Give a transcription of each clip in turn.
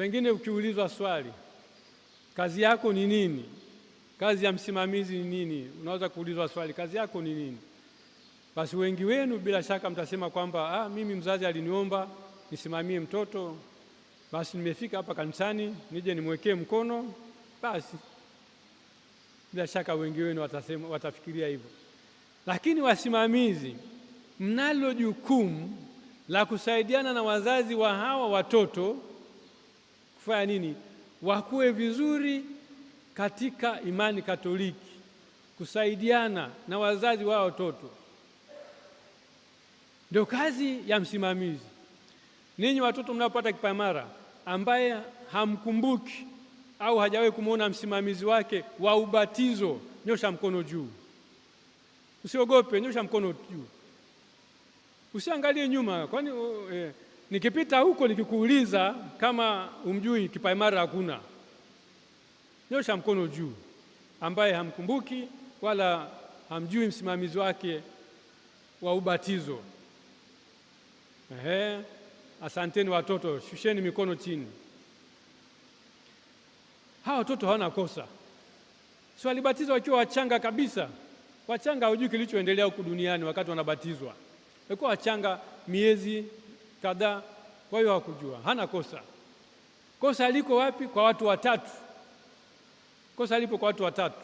Pengine ukiulizwa swali, kazi yako ni nini? Kazi ya msimamizi ni nini? Unaweza kuulizwa swali, kazi yako ni nini? Basi wengi wenu bila shaka mtasema kwamba ah, mimi mzazi aliniomba nisimamie mtoto, basi nimefika hapa kanisani nije nimwekee mkono. Basi bila shaka wengi wenu watasema, watafikiria hivyo. Lakini wasimamizi, mnalo jukumu la kusaidiana na wazazi wa hawa watoto kufanya nini? Wakuwe vizuri katika imani Katoliki, kusaidiana na wazazi wa watoto ndio kazi ya msimamizi. Ninyi watoto mnaopata kipamara, ambaye hamkumbuki au hajawahi kumwona msimamizi wake wa ubatizo, nyosha mkono juu. Usiogope, nyosha mkono juu, usiangalie nyuma, kwani uh, eh, nikipita huko nikikuuliza kama umjui kipaimara, hakuna nyosha mkono juu ambaye hamkumbuki wala hamjui msimamizi wake wa ubatizo. Ehe, asanteni watoto, shusheni mikono chini. Hawa watoto hawana kosa, si walibatizwa wakiwa wachanga kabisa. Wachanga hawajui kilichoendelea huku duniani wakati wanabatizwa, walikuwa wachanga miezi kadhaa. Kwa hiyo hakujua, hana kosa. Kosa liko wapi? Kwa watu watatu. Kosa lipo kwa watu watatu.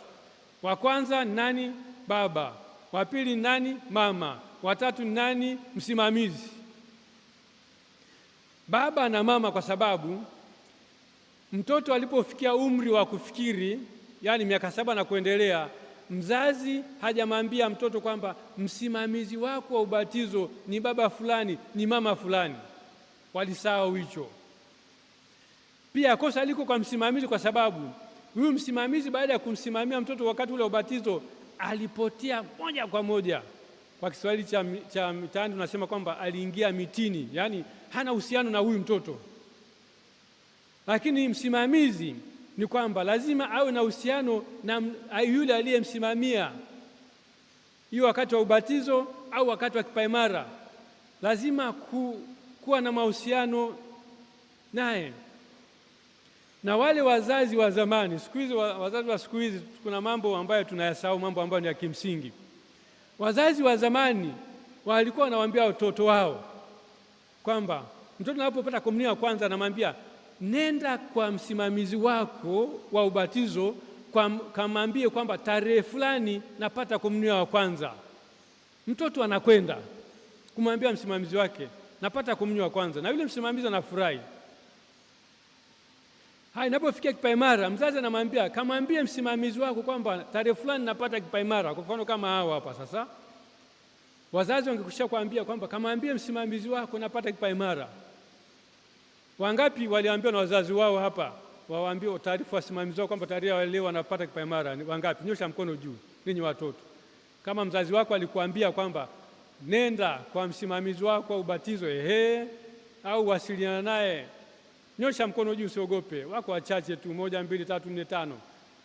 Wa kwanza nani? Baba. Wa pili nani? Mama. Wa tatu nani? Msimamizi. Baba na mama, kwa sababu mtoto alipofikia umri wa kufikiri, yaani miaka saba na kuendelea mzazi hajamwambia mtoto kwamba msimamizi wako wa ubatizo ni baba fulani, ni mama fulani. Walisahau hicho. Pia kosa liko kwa msimamizi, kwa sababu huyu msimamizi baada ya kumsimamia mtoto wakati ule wa ubatizo alipotea moja kwa moja. Kwa Kiswahili cha, cha mitaani tunasema kwamba aliingia mitini, yaani hana uhusiano na huyu mtoto, lakini msimamizi ni kwamba lazima awe na uhusiano na yule aliyemsimamia, hiyo wakati wa ubatizo au wakati wa kipaimara, lazima ku, kuwa na mahusiano naye. Na wale wazazi wa zamani, siku hizi wazazi wa siku hizi, kuna mambo ambayo tunayasahau, mambo ambayo ni ya kimsingi. Wazazi wa zamani walikuwa wanawaambia watoto wao kwamba mtoto anapopata komunia kwanza, anamwambia nenda kwa msimamizi wako wa ubatizo kwa, kamwambie kwamba tarehe fulani napata komunio ya kwanza. Mtoto anakwenda kumwambia msimamizi wake napata komunio ya kwanza, na yule msimamizi anafurahi. Haya, inapofikia kipaimara, mzazi anamwambia kamwambie msimamizi wako kwamba tarehe fulani napata kipaimara. Kwa mfano kama hawa hapa sasa, wazazi wangekusha kuambia kwamba kamwambie msimamizi wako napata kipaimara Wangapi waliambiwa na wazazi wao hapa wawaambie taarifa wasimamizi wao kwamba tayari leo wanapata kipaimara? Wangapi? Nyosha mkono juu, ninyi watoto. Kama mzazi wako alikuambia kwamba nenda kwa msimamizi wako ubatizo ehe, au wasiliana naye, nyosha mkono juu, usiogope. Wako wachache tu, moja, mbili, tatu, nne, tano.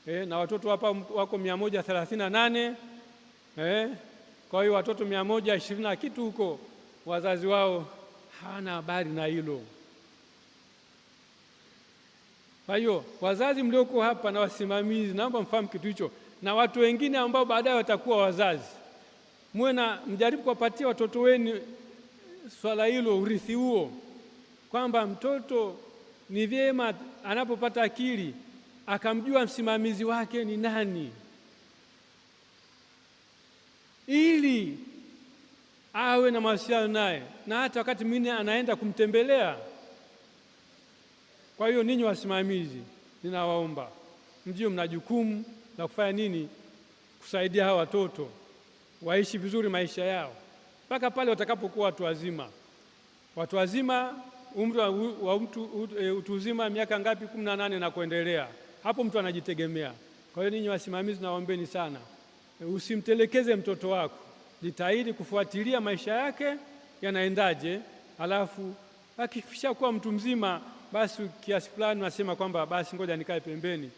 Eh, na watoto hapa wako mia moja thelathini na nane. Eh, kwa hiyo watoto mia moja ishirini na kitu huko, wazazi wao hawana habari na hilo. Kwa hiyo wazazi mlioko hapa na wasimamizi, naomba mfahamu kitu hicho, na watu wengine ambao baadaye watakuwa wazazi, muwe na mjaribu kuwapatia watoto wenu swala hilo, urithi huo, kwamba mtoto ni vyema anapopata akili akamjua msimamizi wake ni nani, ili awe na mawasiliano naye, na hata wakati mwingine anaenda kumtembelea kwa hiyo ninyi wasimamizi, ninawaomba mjio, mna jukumu la kufanya nini, kusaidia hawa watoto waishi vizuri maisha yao mpaka pale watakapokuwa watu wazima. Watu wazima umri wa e, utu uzima miaka ngapi? kumi na nane na kuendelea, hapo mtu anajitegemea. Kwa hiyo ninyi wasimamizi, nawaombeni sana, e, usimtelekeze mtoto wako, jitahidi kufuatilia maisha yake yanaendaje, alafu kuwa mtu mzima basi kiasi fulani nasema kwamba basi ngoja nikae pembeni.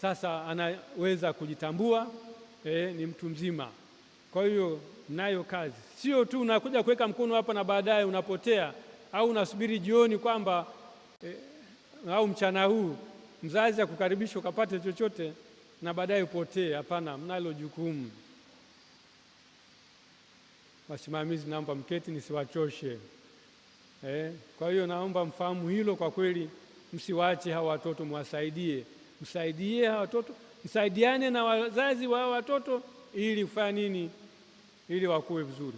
Sasa anaweza kujitambua e, ni mtu mzima. Kwa hiyo nayo kazi, sio tu unakuja kuweka mkono hapa na baadaye unapotea, au unasubiri jioni kwamba e, au mchana huu mzazi akukaribisha ukapate chochote na baadaye upotee. Hapana, mnalo jukumu. Wasimamizi, naomba mketi nisiwachoshe. Eh, kwa hiyo naomba mfahamu hilo kwa kweli, msiwache hawa watoto, mwasaidie, msaidie hawa watoto, msaidiane na wazazi wa hawa watoto ili kufanya nini, ili wakue vizuri.